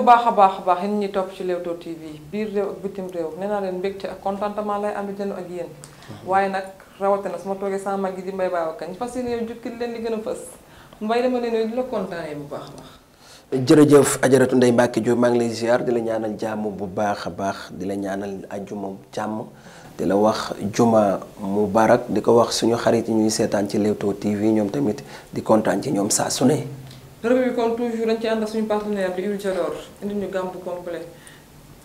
bu baax a baax a baax yéen ñi topp ci Leewtoo TV biir réew ak bitim réew nee naa leen mbégte ak contentement lay am jënd ak yéen waaye nag rawatina su ma toogee sama mag gi di Mbaye Babacar ñu fas yéene jukkil leen li gën a fës Mbaye dama leen di la kontaanee bu baax jërëjëf ajaratu Ndeye Mbacke Diop lay ziar di la ñaanal jàmm bu baax a baax di la ñaanal ajjuma jàmm di la wax juma mubarak di ko wax suñu xarit yi ñuy seetaan ci Leewtoo TV ñoom tamit di kontaan ci ñoom saa su ne. revue bi comme toujours dañ ci ànd suñu partenaire bi huile Jador indi ñu gamme bu complet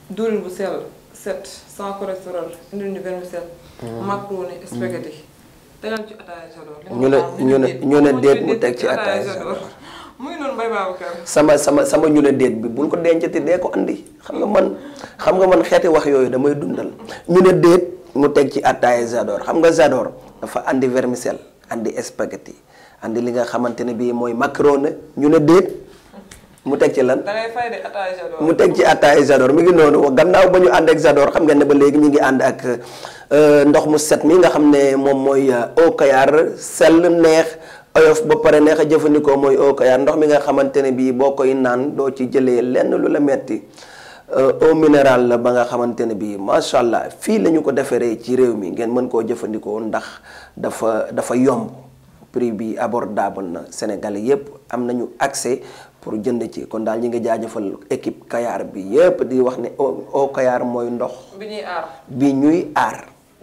diwlin bu sell set sans cholestérol indi ñu vermicelle. Hmm. macaroni hmm. ñu ne ñu ne ñu ne déet mu teg ci ataaya Jador. muy noonu sama sama sama ñu ne déet bi bul ko dencati dee ko indi xam nga man xam nga man xeeti wax yooyu damay dundal ñu ne déet mu teg ci ataaya Jador xam nga Jador dafa andi vermicelle andi spaghetti. and li nga xamante ne bii mooy macaron na ñu ne déet mu teg ci lan. mu teg ci ataaya Jador mi ngi noonu gannaaw ba ñu ànd ak Jador xam ngeen ne ba léegi ñu ngi ànd ak euh, ndox mu set mii nga xam ne moom mooy euh, eau Kayar sell neex. oyof ba pare neex a jëfandikoo mooy eau ndox mi nga xamante ne bii boo koy naan doo ci jëlee lenn lu la metti euh, eau minérale la ba nga xamante ne bii macha allah fii la ñu ko defaree ci réew mi ngeen mën koo jëfandikoo ndax dafa dafa yomb. prix bi abordable na Sénégalais yëpp am nañu accès pour jënd ci kon daal ñi nga jaajëfal équipe Kayar bi yëpp di wax ni o o Kayar mooy ndox. bi ñuy aar bi ñuy aar.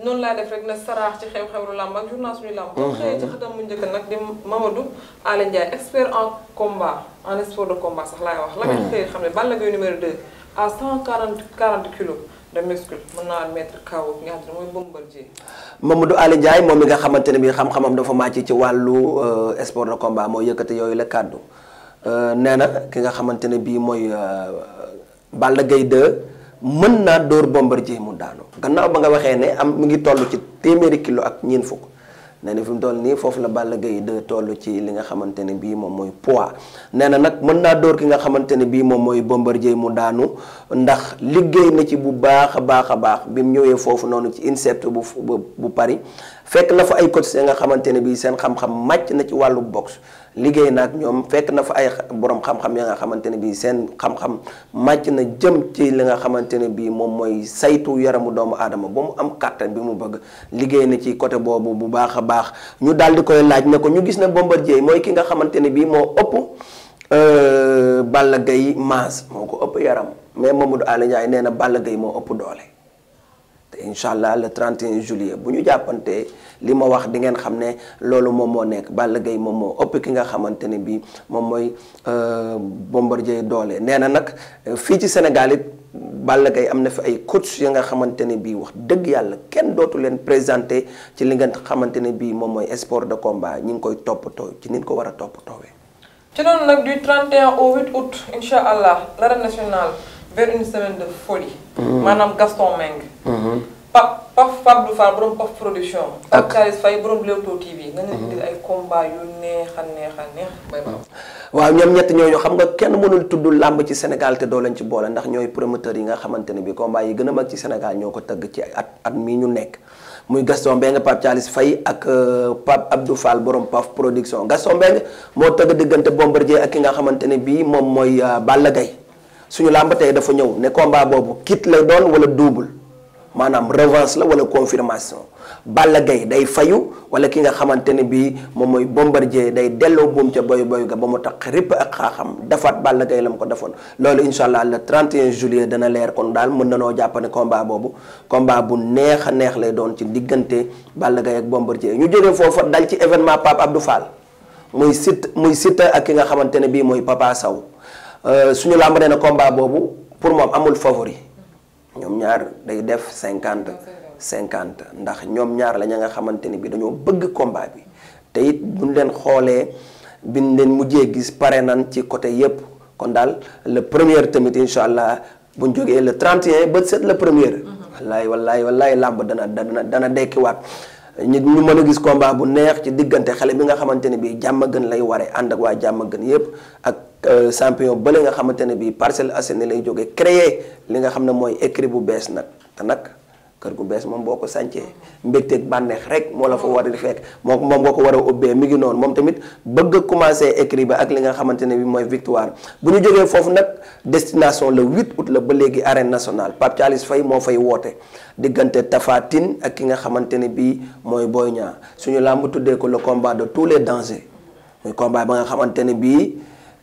noonu laa def rek na saraax ci xew-xewu làmb ak journal suñu làmb. boo mhm. xëyee ci xëtam mu njëkk nag di Mamadou Alé Ndiaye expert en combat en sport de combat sax laay wax. la nga mhm. xëyee xam ne Balla Gaye numéro 2 à 140 40 kilos. Damescu mën naa mettre kaw nga xam ne mooy moom mi nga xamante ne bii xam-xamam dafa màcc ci wàllu euh, sport de combat mooy yëkkate yooyu la kàddu euh, nee na ki nga xamante ne bii mooy euh, Balla Gaye 2 mën naa dóor Bombardier mu daanu gannaaw ba nga waxee ne am mu ngi toll ci téeméeri kilo ak ñeent fukk. nee na fi mu toll nii foofu la Balla Gaye 2 toll ci li nga xamante ne bii moom mooy poids nee na nag mën naa dóor ki nga xamante ne bii moom mooy Bombardier mu daanu ndax liggéey na ci bu baax a baax a baax bi mu ñëwee foofu noonu ci INSEP bu bu Paris fekk na fa ay coach nga xamante ne bii seen xam-xam màcc na ci wàllu box liggéey na ak ñoom fekk na fa ay borom xam-xam ya nga xamante ne bii seen xam-xam màcc na jëm ci li nga xamante ne bii moom mooy saytu yaramu doomu aadama ba mu am kàttan bi mu bëgg liggéey na ci côté boobu bu baax a baax ñu daal di koy laaj ne ko ñu gis ne Bombardier mooy ki nga xamante ne bii moo ëpp euh, Balla Gaye masse moo ko ëpp yaram mais Mamadou Alé Niang nee na Balla Gaye moo ëpp doole. te incha allah le 31 juillet bu ñu jàppantee li ma wax di ngeen xam ne loolu moom moo nekk Balla gay moom moo ëpp ki nga xamante ne bii moom mooy euh, Bombardier doole nee na nag euh, fii ci Sénégal it Balla Gaye am na fi ay coach yi nga xamante ne bii wax dëgg yàlla kenn dootu leen présenté ci li nga xamante ne bii moom mooy sport de combat ñi ngi koy toppatoo ci niñ ko war a toppatoowee. ci noonu nag du 31 au 8 août incha allah l'arène nationale. vers une semaine de mm-hmm. maanaam Gaston Meng. Mm-hmm. production. ak Charles Faye borom Leewtoo TV. nga ne mm-hmm. ay combat yu neex a neex waaw ñoom ñooñu xam nga kenn mënul tudd làmb ci Sénégal te doo leen ci boole ndax ñooy promoteurs yi nga xamante ne bi combat yi gën a mag ci Sénégal ñoo ko tëgg ci at at mii ñu nekk. muy Gaston Mbengue Pape Thialis Faye ak euh, Pape Abdou Fall borom Paf production Gaston Mbengue moo tëgg diggante Bombardier ak ki nga xamante ne bii moom mooy euh, Balla Gaye suñu làmb tey dafa ñëw ne combat boobu kit lay doon wala duubul maanaam revanche la wala confirmation Balla Gaye day fayu wala ki nga xamante ne bii moom mooy Bombardier day delloo buum ca boyu boyu ga ba mu tax ripp ak defaat Balla Gaye la ko defoon loolu incha allah le 31 juillet dana leer kon daal mën na noo jàpp boobu combat bu neex a neex lay doon ci diggante Balla Gaye ak Bombardier ñu jógee foofa dal ci événement Pape Abdou Fall muy Siteu muy Siteu ak ki nga xamante ne bii mooy Papa Sow Euh, suñu làmb nee na combat boobu pour moom amul favori ñoom ñaar day def cinquante cinquante ndax ñoom ñaar la ña nga xamante ni bi dañoo bëgg combat bi te it buñ leen xoolee biñ leen mujjee gis pare nan ci côté yépp kon daal le premier tamit incha allah buñ jógee le 31 ba set le premier. wallaay wallaay wallaay làmb dana dana dekkiwaat ñu ñu mën a gis combat bu neex ci diggante xale bi nga xamante ne bii jàmm gën lay ware ànd ak waa jàmm gën yépp ak. Euh, champion bële nga xamante ne bii Parcelles Assainies lay jógee créer li nga xam ne mooy écrit bu bees nag te nag kër gu bees moom boo ko sancee mbégteeg bànneex rek moo la fa war di fekk moo moom nga ko war a ubbee mi ngi noonu moom tamit bëgg a commencé écrit ba ak li nga xamante ne bii mooy victoire bu ñu jógee foofu nag destination le 8 août la ba léegi arène nationale Pape Thialis Faye moo fay woote diggante Tapha ak ki nga xamante ne bii mooy Boy Niang suñu làmb tuddee ko le combat de tous les dangers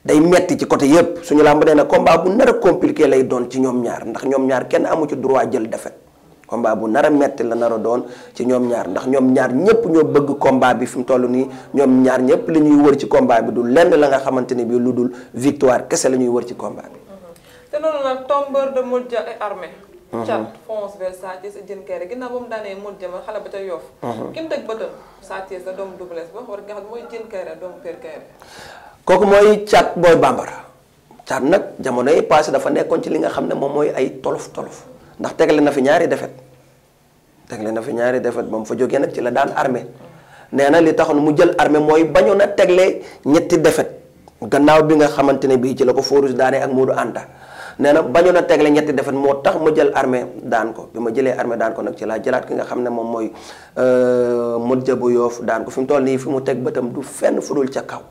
day metti ci côté yëpp suñu làmb nee na combat bu nar a compliqué lay doon ci ñoom ñaar ndax ñoom ñaar kenn amu ci droit jël defet combat bu nar a metti la nar a doon ci ñoom ñaar ndax ñoom ñaar ñëpp ñoo bëgg combat bi fi mu nii ñoom ñaar ñëpp li wër ci combat bi du lenn la nga xamante ni lu dul victoire kese la wër ci combat bi. te noonu nag tombeur de Modou Dia et armée. Thiat mhm. fonce vers Sa Thiès jën kay rek ginnaaw ba mu daanee Modou Dia ma xale ba ca Yoff. Mhm. ki mu teg bëtam Sa Thiès la kooku mooy caat booy bambara caat nag jamono yi passé dafa nekkoon ci li nga xam ne moom mooy ay tolof tolof ndax tegle na fi ñaari defet tegale na fi ñaari defet ba fa jógee nag ci la daan armée nee na li taxoon mu jël armée mooy bañoon a tegle ñetti defet gannaaw bi nga xamante ne bii ci la ko Forus daane ak Moodu Anta nee na bañoon a tegle ñetti defet moo tax ma jël armee daan ko bi ma jëlee armée daan ko nag ci laa jëlaat ki nga xam ne moom mooy euh, Modja bu Yoof daan ko fi toll nii fi mu teg bëtam du fenn fudul ca kaw.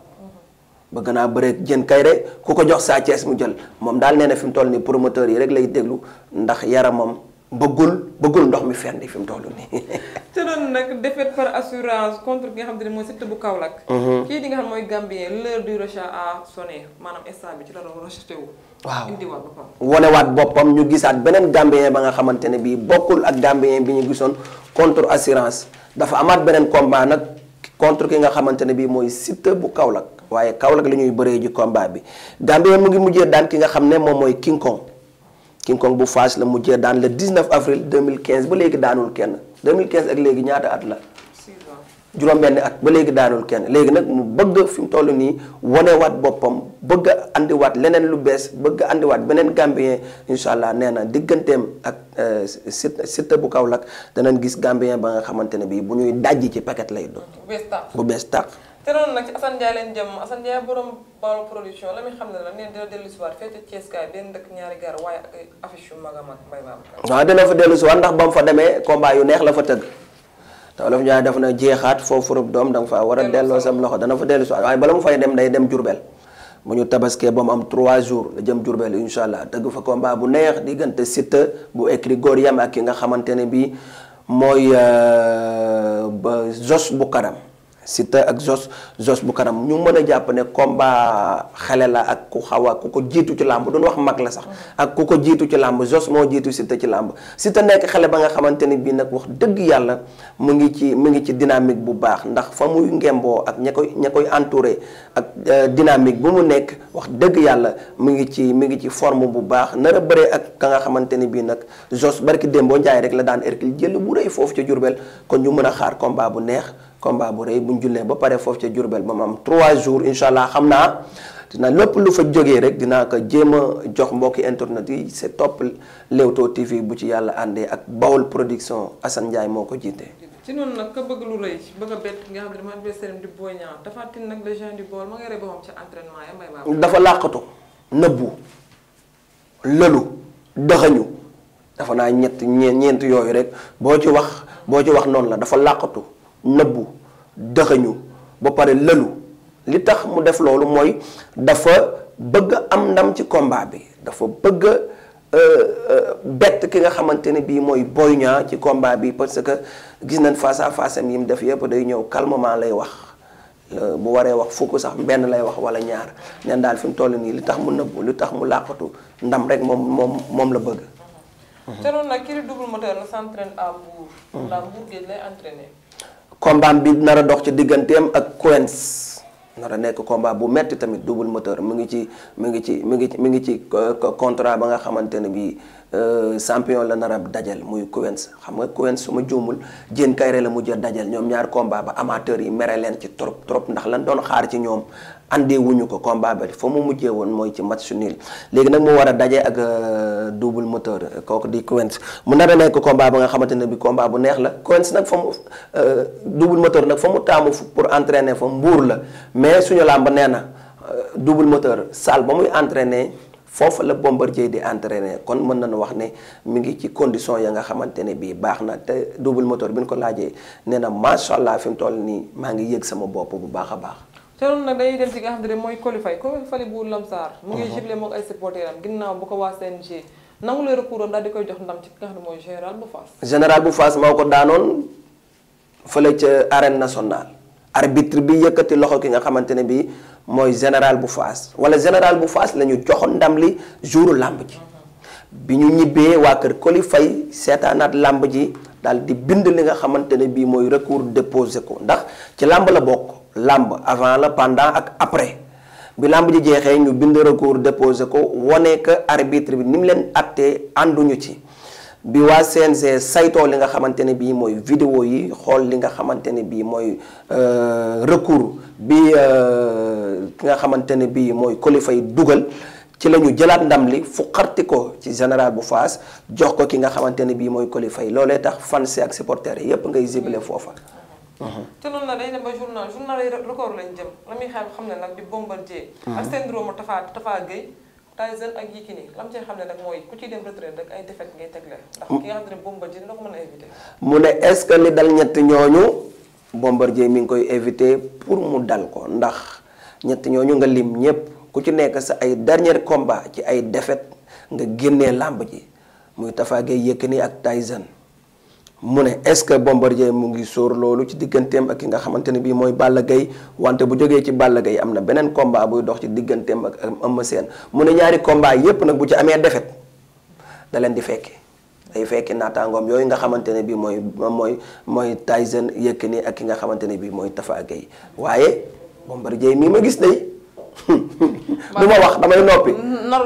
bëgg naa bëreeg jën kayre ku ko jox Sa Thiès mu jël moom daal nee na fi mu toll nii promoteur yi rek lay déglu ndax yaramam bëggul bëggul ndox mi fenn fi mu toll nii. te doon nag défaite par assurance contre ki nga xam ne mooy Siteu bu Kaolack. Mhm. kii di nga xam mooy a sonné maanaam instant bi ci la doon racheté wu. waaw wonewaat boppam ñu gisaat beneen Gambien ba nga xamante ne bii bokkul ak Gambien bi ñu gisoon contre assurance dafa amaat beneen combat nag. contre ki nga xamante ne bii mooy Siteu bu Kaolack waaye Kaolack la ñuy bëree ji combat bi Gambie mu ngi mujjee daan ki nga xam ne moom mooy King Kong King Kong bu Fass la mujjee daan le 19 avril 2015 ba léegi daanul kenn 2015 ak léegi ñaata at la. juróom-benn at ba léegi daanul kenn léegi nag mu bëgg fi mu toll nii wanewaat boppam bëgg a andiwaat leneen lu bees bëgg a andiwaat beneen Gambien incha allah nee na digganteem ak euh, Siteu Siteu bu kaw Kaolack danañ gis Gambien ba nga xamante ne bii bu ñuy dajji ci paquet lay doon. bu bees tàq bu te noonu nag ci Assane leen jëm Assane Ndiaye borom production la muy xam ne la nee dina dellusiwaat fii ci Thiès kaay benn dëkk ñaari gar waaye ak affiche yu ah, ndax ba mu fa demee combat yu neex la fa tëgg. te olof Ndiaye def na jeexaat foo furub doom da fa faa war a delloo sam loxo dana fa dellu si waaye bala mu fay dem day dem Jurbel mu ñu tabaskee ba mu am trois jours la jëm Jurbel incha allah tëgg fa ko mbaa bu neex diggante Siteu bu écrit góor yam ak ki nga xamante ne bii mooy euh, ba Zos bu Karam. Siteu ak Zos Zos bu kanam ñu mën a jàpp ne combat xale la ak ku xaw a ku ko jiitu ci làmb duñu wax mag la sax ak ku ko jiitu ci làmb Zos moo jiitu Siteu ci làmb sita nekk xale ba nga xamante ni bii nag wax dëgg yàlla mu ngi ci mu ngi ci dynamique bu baax ndax fa muy ngemboo ak ña koy ña koy entouré ak euh, dynamique bu mu nekk wax dëgg yàlla mu ngi ci mu ngi ci forme bu baax nar a bëree ak ka nga xamante ni bii nag Zos barki démboo Njaay rek la daan Hercule jël bu rëy foofu ca Jurbel kon ñu mën a xaar combat bu neex combat bu rëy bu ñu ba pare foofu ca Diourbel ba mu am trois jours incha allah xam naa dina lépp lu fa jógee rek dinaa ko jéem a jox mbokk internet yi c'est topp Leewtoo TV bu ci yàlla àndee ak Bawol production assan Ndiaye moo ko jiite. ci noonu nag ka bëgg lu rëy bëgg a bett nga dafa tin ma ngi rëy ba moom dafa làqatu nëbbu lëlu dëxañu dafa naa ñett ñeent yooyu rek boo ci wax boo ci wax noonu la dafa làqatu. nëbbu dëxëñu ba pare lëlu li tax mu def loolu mooy dafa bëgg am ndam ci combat bi dafa bëgg euh, euh, bett ki nga xamante ne bii mooy Boy ci combat bi parce que gis nañ face à face am yi mu def yëpp day ñëw calmement lay wax euh, bu waree wax fukk sax benn lay wax wala ñaar neen daal fi mu toll nii li tax mu nëbbu li tax mu làqatu ndam rek moom moom moom la bëgg. combat bi nar dox ci digganteem ak Coens nar nekk combat bu metti tamit double moteur mu ngi ci mu ngi ci mu ngi ci mu ngi ci euh, contrat ba nga xamante ne bii euh, champion la nara a dajal muy Coens xam nga Coens su ma juumul Diène Kaïré la mujj a dajal ñoom ñaar combat ba amateurs yi mere leen ci trop trop ndax lan doon xaar ci ñoom andee ko combat bi fa mu mujjee woon mooy ci match nul léegi nag mu war a daje ak euh, double moteur kooku di Quench mu nar a ko combat ba nga xamante ne bi combat bu neex la Quench nag fa mu euh, double moteur nag fa mu taamu pour entraîner fa mbuur la mais suñu làmb nee na euh, double moteur salle ba muy entraîner foofu la Bombardier di entraîner kon mën na nu wax ne mu ngi ci condition ya nga xamante ne bii baax na te double moteur bi ñu ko laajee neena na macha allah fi mu toll nii maa ngi yëg sama bopp bu baax a baax. te loolu nag dañuy dem ci nga xam ne mooy qualifié qualifié bu Lamsaar. mu ngi jublé uh-huh. moog ay supporteram ginnaaw bu ko waa CNG nangu la recours am di koy jox ndam ci ki nga mooy général bu général bu Fass moo ko daanoon ca arène nationale. arbitre bi yëkkati loxo ki nga xamante ne bii mooy général bu Fass wala général bu Fass la joxoon ndam li jouru làmb ji. Uh-huh. bi ñu ñibbee waa kër Koli Faye seetaanaat làmb ji daal di bind li nga xamante ne bii mooy recours déposé ko ndax ci làmb la bokk. làmb avant la pendant ak après bi làmb ji jeexee ñu bind recours déposé ko wane que arbitre bi ni leen attee ànduñu ci bi waa CNG saytoo li nga xamante ne bii mooy vidéo yi xool li nga xamante ne bii mooy euh, recours bi euh, ki nga xamante ne bii mooy kolifay yi dugal ci lañu jëlaat ndam li fu ko ci général bu fas jox ko ki nga xamante ne bii mooy kilifa yi loolee tax fans ak supporters yépp ngay zible foofa Uh-huh. te noonu la day dem ba journal journal yi record lañu jëm la muy xel xam ne nag di bombardier uh-huh. ak syndrome Tafa Tafa Gueye Tyson ak Yékini lam ci xam ne nag mooy ku ciy dem retraite rek ay défaite ngay tegle ndax ki nga bombardier a mu ne est-ce que li dal ñetti ñooñu bombardier mi ngi koy éviter pour mu dal ko ndax ñetti ñooñu nga lim ñépp ku ci nekk sa ay dernier combat ci ay défaite nga génne làmb ji muy Tafa Gueye Yékini ak Tyson mu ne est-ce que Bombardier mu ngi sóor loolu ci digganteem ak ki nga xamante ne mooy Balla Gaye wante bu jógee ci Balla Gaye am na beneen combat buy dox ci digganteem ak am Eumeu Sène mu ne ñaari combat yépp nag bu ci amee defet da leen di fekke day fekki naataangoom yooyu nga xamante ne bii mooy mooy mooy Tyson Yékini ak ki nga xamante ne bii mooy Tapha Gueye waaye Bombardier mii ma gis day du ma wax damay noppi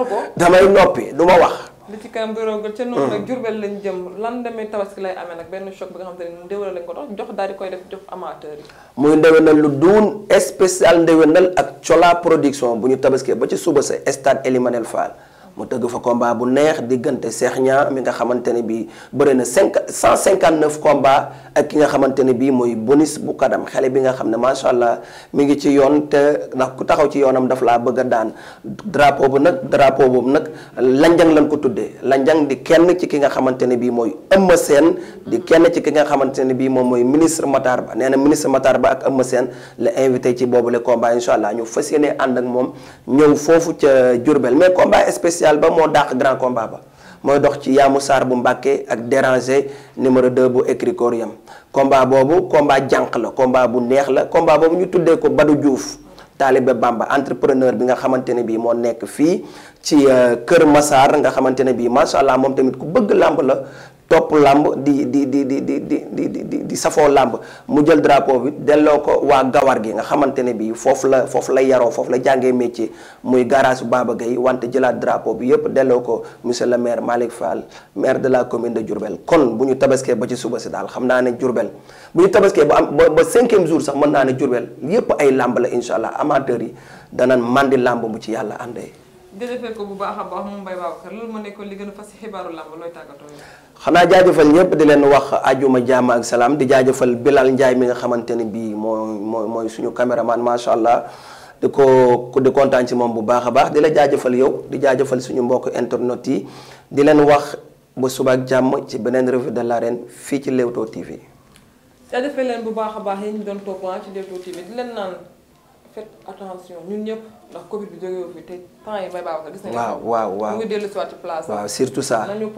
ko damay noppi du ma wax kanam biroogul ca noonu mm. nag Jurbel lañ jëm lan demee tabaski lay amee nag benn choc bi nga xam te ne ndéwénal lañ ko dox jox daal di koy def jox amateur yi muy ndéwénal lu duun spécial ndéwénal ak Cola production bu ñu tabaskee ba ci suba sa stade Elimanel Fall mu tëgg fa combat bu neex diggante seex ñaar mi nga xamante ne bii bëri na cinq cent cinquante neuf combat ak ki nga xamante ne bii mooy bonus bu kadam xale bi nga xam ne macha allah mi ngi ci yoon te ndax ku taxaw ci yoonam daf laa bëgg a daan drapeau bu nag drapeau boobu nag lanjang lañ ko tuddee lanjang di kenn ci ki nga xamante ne bii mooy Eumeu Sène di kenn ci ki nga xamante ne bii moom mooy ministre Matar Ba nee na ministre Matar Ba ak Eumeu seen la invité ci boobule combat incha allah ñu fas yéene ànd ak moom foofu ca ba moo dàq grand combat ba mooy dox ci Yamou saar bu Mbàkke ak déranger numéro 2 bu Écricorium combat boobu combat jànq la combat bu neex la combat boobu ñu tuddee ko Badou Diouf taalibe Bamba entrepreneur bi nga xamante ne bii moo nekk fii ci euh, Kër masaar nga xamante ne bii macha allah moom tamit ku bëgg làmb la topp làmb di di di di di di di di safoo làmb mu jël drapeau bi delloo ko waa gawar gi nga xamante ne bi foofu la foofu la yaroo foofu la jàngee métier muy garage Baba Gueye wante jëlaat drapo bi yépp delloo ko monsieur le maire Malick Fall maire de la commune de Diourbel kon bu ñu tabaskee ba ci suba si daal xam naa ne Diourbel bu ñu tabaskee ba am ba cinquième jour sax mën naa ne Diourbel yépp ay làmb la incha allah amateurs yi danañ mandi làmb bu ci yàlla àndee jërëjëfal ko bu baax a baax moom Mbaye Babacar loolu ma nekkoon li gën a fas ci xibaaru làmb looy tàggatoo xanaa jaajafal ñëpp di leen wax ajuma jaam ak salaam di jaajëfal Bilal njaay mi nga xamante ne bii moo moo mooy suñu man macha allah di ko di kontaan ci moom bu baax a baax di la jaajëfal yow di jaajëfal suñu mbokk internet yi di leen wax ba suba ak jàmm ci beneen revue de l'arène fii ci Leewtoo TV. jaajëfal leen bu baax a baax yi ñu doon topp ah ci Leewtoo TV faites attention ñun ñëpp ndax Covid bi jógee wu fi waaw waaw dellu si waat surtout ça nañu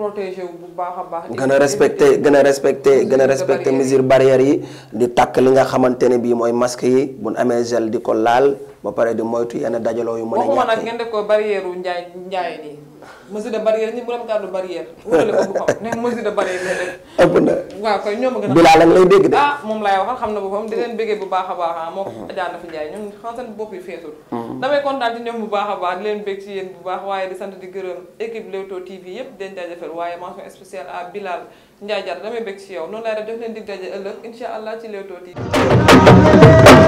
baax a baax. gën a respecté gën a respecté gën a respecté mesures barrières yi. di takk li nga xamante ne bii mooy masque yi bu ñu amee gel di ko laal ba pare di moytu yenn dajaloo yu ma a. ñàkk waxuma njaay njaay mesure de barrière ñi bu am kàddu barrière wala ko bu xam ne mesure de barrière la ëpp na waaw koy ñoom a gën a bilaa la lay dégg de ah moom laay waxal xam na boppam di leen béggee bu baax a baax ah moo mm-hmm. Adja Nafi Ndiaye ñoom xam seen bopp yi feesul mm-hmm. damay kontaan ci ñoom bu baax a baax di leen bég ci yéen bu baax waaye di sant di gërëm équipe Leewtoo TV yëpp den jaajëfal waaye mention spéciale à Bilal Ndiaye Diatta damay bég ci yow noonu laay def jox leen dig daje ëllëg incha allah ci Leewtoo TV